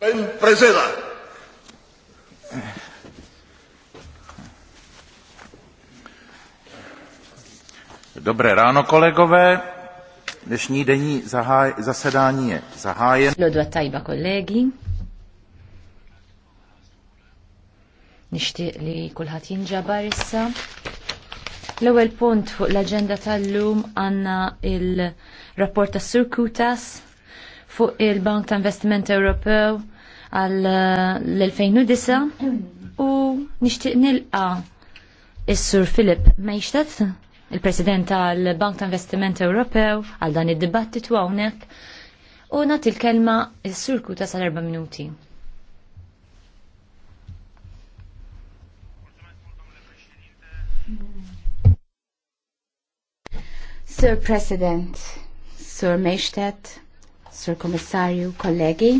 Ben preseda Dobré ráno, kolegové. Dnešní denní zahaj, zasedání je zahájen. Lodwa tajba kolegi. Nishtiq li kulħat jinġabar issa. L-ewwel punt fuq l-aġenda tal-lum għandna il-rapport tas Kutas fuq il-Bank ta' Investiment Ewropew għal uh, l-2009 u nixtieq nilqa is-Sur Filip Meixtet, il-President tal-Bank ta' Investiment Ewropew għal dan id-dibattitu hawnhekk u nati l-kelma is-Sur Kuta sal 4 minuti. Sir President, Sir Meishtet, Sur Komissarju, kollegi.